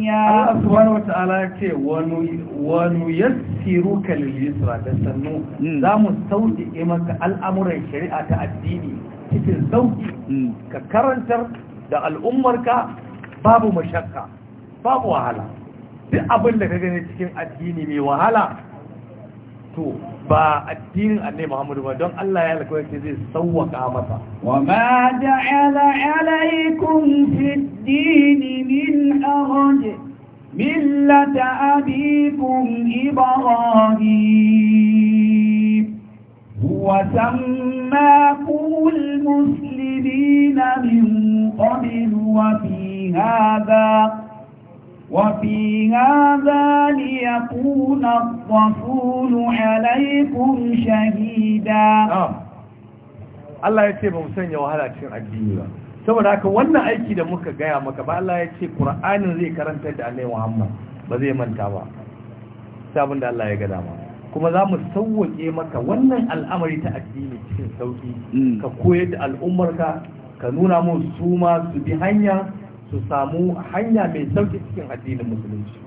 hanya Allah subhanahu wata'ala ce wani yassiru kalil yusra da sannu hmm. za mu sauƙi maka al'amuran shari'a ta addini cikin sauƙi hmm. ka karantar da al'ummarka babu mashakka babu wahala duk abin da ka gani cikin addini mai wahala to ba addinin annai Muhammadu ba don Allah ya alkawarci zai sauwaka masa. Wa ma ja'ala alaikum fiddini min haraji millata abikum Ibrahim huwa sammakum al-muslimina min qabl wa fi وفي هذا ليكون الرسول عليكم شهيدا Allah ya ce ba mu sanya wahala cikin addini ba saboda haka wannan aiki da muka gaya maka ba Allah ya ce Qur'anin zai karantar da Annabi Muhammad ba zai manta ba sabon da Allah ya ga dama kuma za mu sauwake maka wannan al'amari ta addini cikin sauki ka koyar da al'ummarka ka nuna musu su ma su bi hanya su samu hanya mai sauki cikin addinin musulunci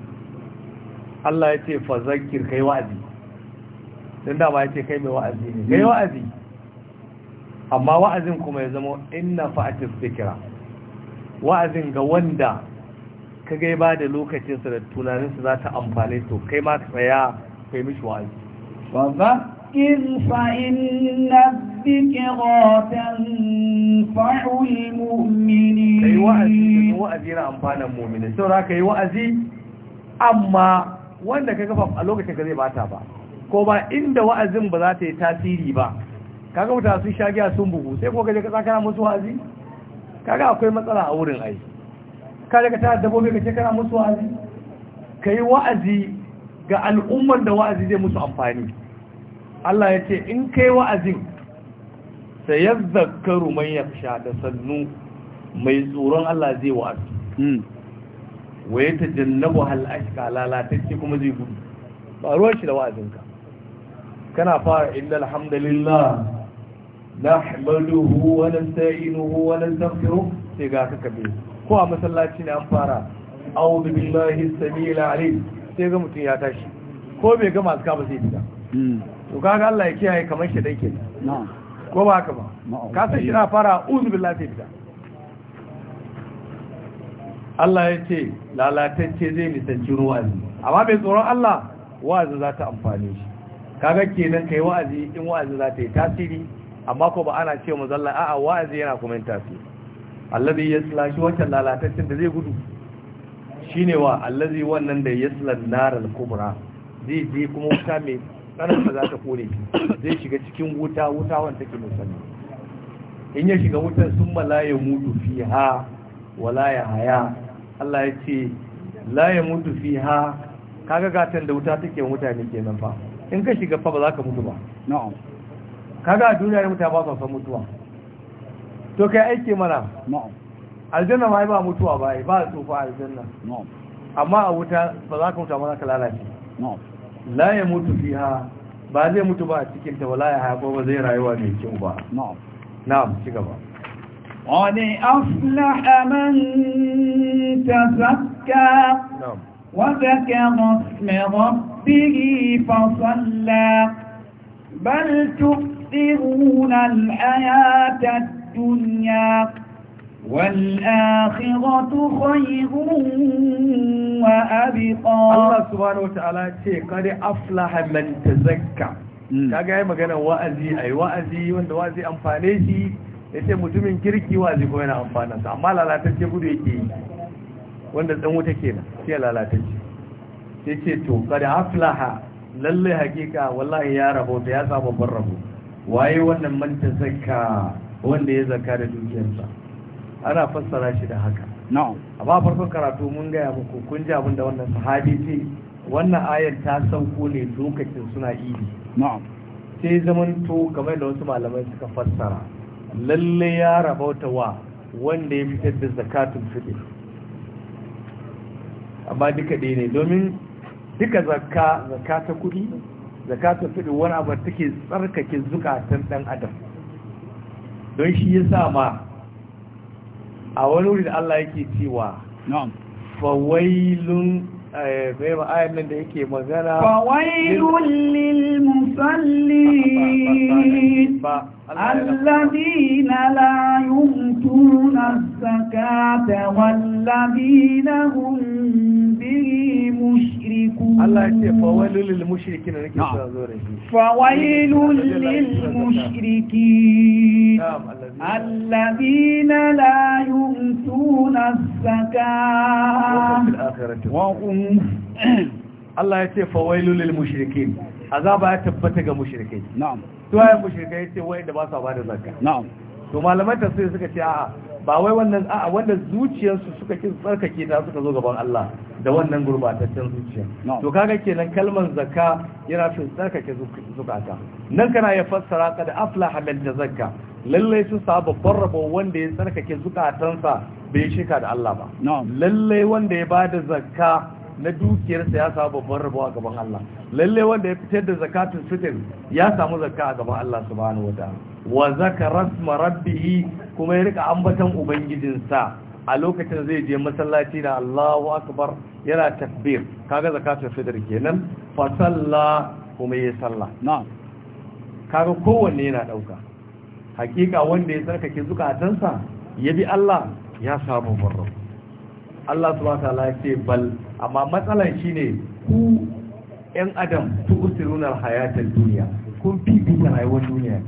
Allah ya ce fa zakir kai wa'azi don da ba ya ce kai mai wa'azi ne kai wa'azi amma wa'azin kuma ya zama inna fa'atis fikira wa'azin ga wanda ka ba da lokacinsa da tunaninsa za ta amfane to kai ma ka tsaya kai mishi wa'azi فذكر فإن الذكرى تنفع المؤمنين kai wa'azi wa'azi yana amfanan mu'mini sau da ka yi wa'azi amma wanda ka kafa a lokacin ka zai bata ba ko ba inda wa'azin ba za ta yi tasiri ba kaga mutane sun sha giya sun bugu sai ko kaje ka tsakana musu wa'azi kaga akwai matsala a wurin ai kaje ka ka ce kana musu wa'azi kai wa'azi ga al'ummar da wa'azi zai musu amfani Allah ya ce in kai wa'azin sai ya zakaru mai yaksha da sannu mai tsoron Allah zai wa'azu hmm. waye ta jannabu hal'ashka lalatacce kuma zai gudu ba ruwan shi da wa'azinka kana fara inda alhamdulillah Na nahmaduhu wa nasta'inuhu wa nastaghfiruh sai ga ka kabe ko a masallaci ne an fara a'udhu billahi as sai ga mutum ya tashi ko bai ga masu ba sai fita hmm. to kaga Allah ya kiyaye kamar shi dai kenan na'am ko ba haka ba ka san shi na fara uzu billahi fita Allah ya ce lalatacce zai nisanci wa'azi amma mai tsoron Allah wa'azi za ta amfani shi kaga kenan kai wa'azi in wa'azi za ta yi tasiri amma ko ba ana ce mu zalla a'a wa'azi yana kuma yin tasiri allazi yasla shi wancan lalataccen da zai gudu shine wa allazi wannan da yaslan naral kubra zai je kuma wuta mai sanar ba za ta kore zai shiga cikin wuta wuta wanda ke musamman in ya shiga wutan sun malaye mutu fi ha wala ya haya Allah ya ce laye mutu fi ha kaga gatan da wuta take mutane kenan fa in ka shiga fa ba za ka mutu ba kaga a duniya mutu ba sa mutuwa to kai aiki mana aljanna ma ba mutuwa ba ba fa aljanna amma a wuta ba za ka mutu ba za ka lalace la mutu ba zai mutu ba a cikin ta wala ya hako ba zai rayuwa mai kyau ba na'am ci gaba wani aflaha man tazakka wa zakka musmi rabbihi fa salla bal tuqdiruna al-hayata ad-dunya والآخرة خير وأبقى الله سبحانه وتعالى قد أفلح من تزكى kaga yi magana wa'azi a yi wa'azi wanda wa'azi amfane shi ya ce mutumin kirki wa'azi kuma yana sa, amma lalatacce gudu yake yi wanda tsan wuta ke nan sai lalatacce sai ce to kada aflaha lalle hakika wallahi ya rabo da ya sa babban rabo waye wannan manta zakka wanda ya zakka da dukiyarsa ana fassara shi da haka A ba farkon karatu mun gaya muku kun ji abin da wannan sahabi ce wannan ayar ta sauko ne lokacin suna idi sai zaman to kamar da wasu malamai suka fassara lalle ya rabauta wa wanda ya fitar da zakatun fitr amma duka ɗaya ne domin duka zakka zakka ta kuɗi zakka ta fitr wani abu take tsarkake zukatan ɗan adam don shi ya sa ma a wani wuri da Allah yake cewa fawailun bai ba ayan nan da yake magana fawailun lilmusalli musallin na la sakata wallabi na hum به مشركون الله يكفي فويل للمشركين Allah ya ce fawailul lil mushrikin azaba ya tabbata ga mushrikai na'am to ayi mushrikai sai wai da ba su ba da zakka na'am to ta sai suka ce a'a ba wai wannan a'a wanda zuciyarsu suka kin tsarkake ta suka zo gaban Allah da wannan gurbataccen zuciya to kaga kenan kalman zakka yana fi tsarkake zukata nan kana ya fassara kad aflaha man tazakka lalle sun sa babban rabo wanda ya tsarkake zukatansa bai shika da Allah ba lalle wanda ya bada zakka na dukiyarsa ya samu babban rabo a gaban Allah lalle wanda ya fitar da zakatun fitr ya samu zakka a gaban Allah subhanahu wata. wa zakara isma rabbih kuma ya rika ambaton ubangijinsa a lokacin zai je masallaci da Allahu akbar yana takbir kaga zakatun fitr kenan fa salla kuma ya salla na, kaga kowanne yana dauka hakika wanda ya tsarkake zukatansa ya bi Allah ya samu barro Allah subhanahu wataala ce bal amma matsalan shine ku yan adam tu usiruna hayatar duniya kun bibita rayuwar duniya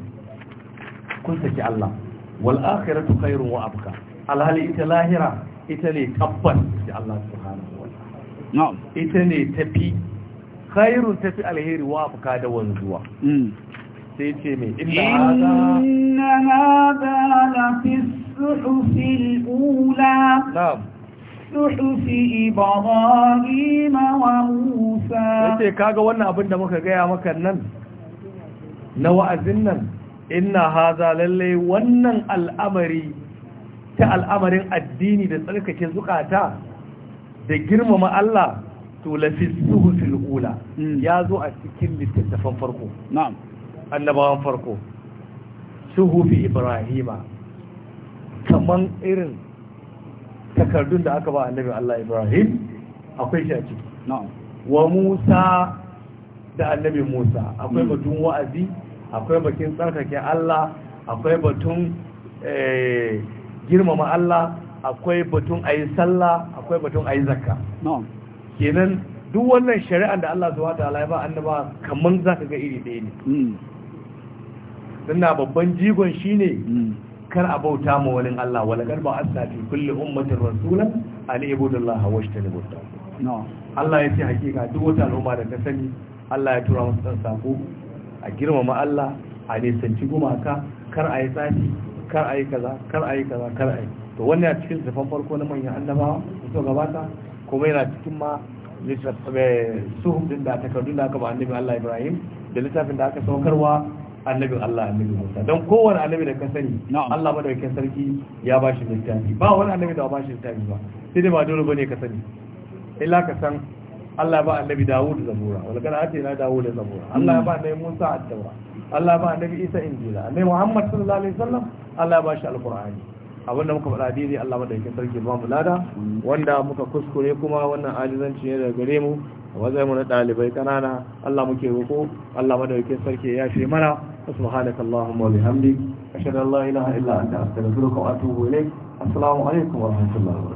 kun saki Allah wal akhiratu khairun wa abqa alhali ita lahira ita ne tabbas da Allah subhanahu wataala na'am ita ne tafi khairun tafi alheri wa abqa da wanzuwa mm. sai ce me inna hada la fi suhufil ula na'am صحف إبراهيم وموسى yace kaga wannan abin da muka gaya maka nan na wa'azin nan inna haza lalle wannan al'amari ta al'amarin addini da tsarkake zukata da girmama Allah to lafi suhufil ula ya zo a cikin littattafan farko na'am annabawan farko suhufi ibrahima kaman irin takardun da aka ba annabi Allah Ibrahim akwai shi a ciki wa Musa da annabi Musa akwai hmm. batun wa'azi akwai bakin tsarkake Allah akwai batun eh, girmama Allah akwai batun ayi sallah akwai batun ayi zakka kenan duk wannan shari'ar da Allah subhanahu wataala ya ba annaba kaman zaka ga iri ɗaya ne hmm. dan babban jigon shine hmm. kar a bauta ma wani Allah wala garba asna fi kulli ummatin rasulan an ibudullah wa no Allah ya ce hakika duk wata al'umma da ta sani Allah ya tura musu san sako a girmama Allah a ne sanci gumaka kar a yi tsafi kar a yi kaza kar a yi kaza kar a yi to wannan cikin zafan farko na manyan annabawa so gabata kuma yana cikin ma littafin eh, da takardun da aka ba annabi Allah Ibrahim da littafin da aka saukarwa annabin Allah annabin Musa don kowane annabi da ka sani Allah ba da madaukakin sarki ya ba shi littafi ba wani annabi da ba shi littafi ba sai dai ba dole bane ka sani illa ka san Allah ba annabi Dawud zabura wala kana na Dawud zabura Allah ba annabi Musa a taura Allah ba annabi Isa injila annabi Muhammad sallallahu alaihi wasallam Allah ba shi alqur'ani abinda muka faɗa dai Allah madaukakin sarki ba mu lada wanda muka kuskure kuma wannan ajizanci ne daga gare mu matsayin mu na ɗalibai ƙanana Allah muke roƙo Allah madaukakin sarki ya fi mana subhanaka allahumma wa bihamdik ashhadu an la ilaha illa anta astaghfiruka wa atubu ilayk assalamu alaikum wa rahmatullahi wa barakatuh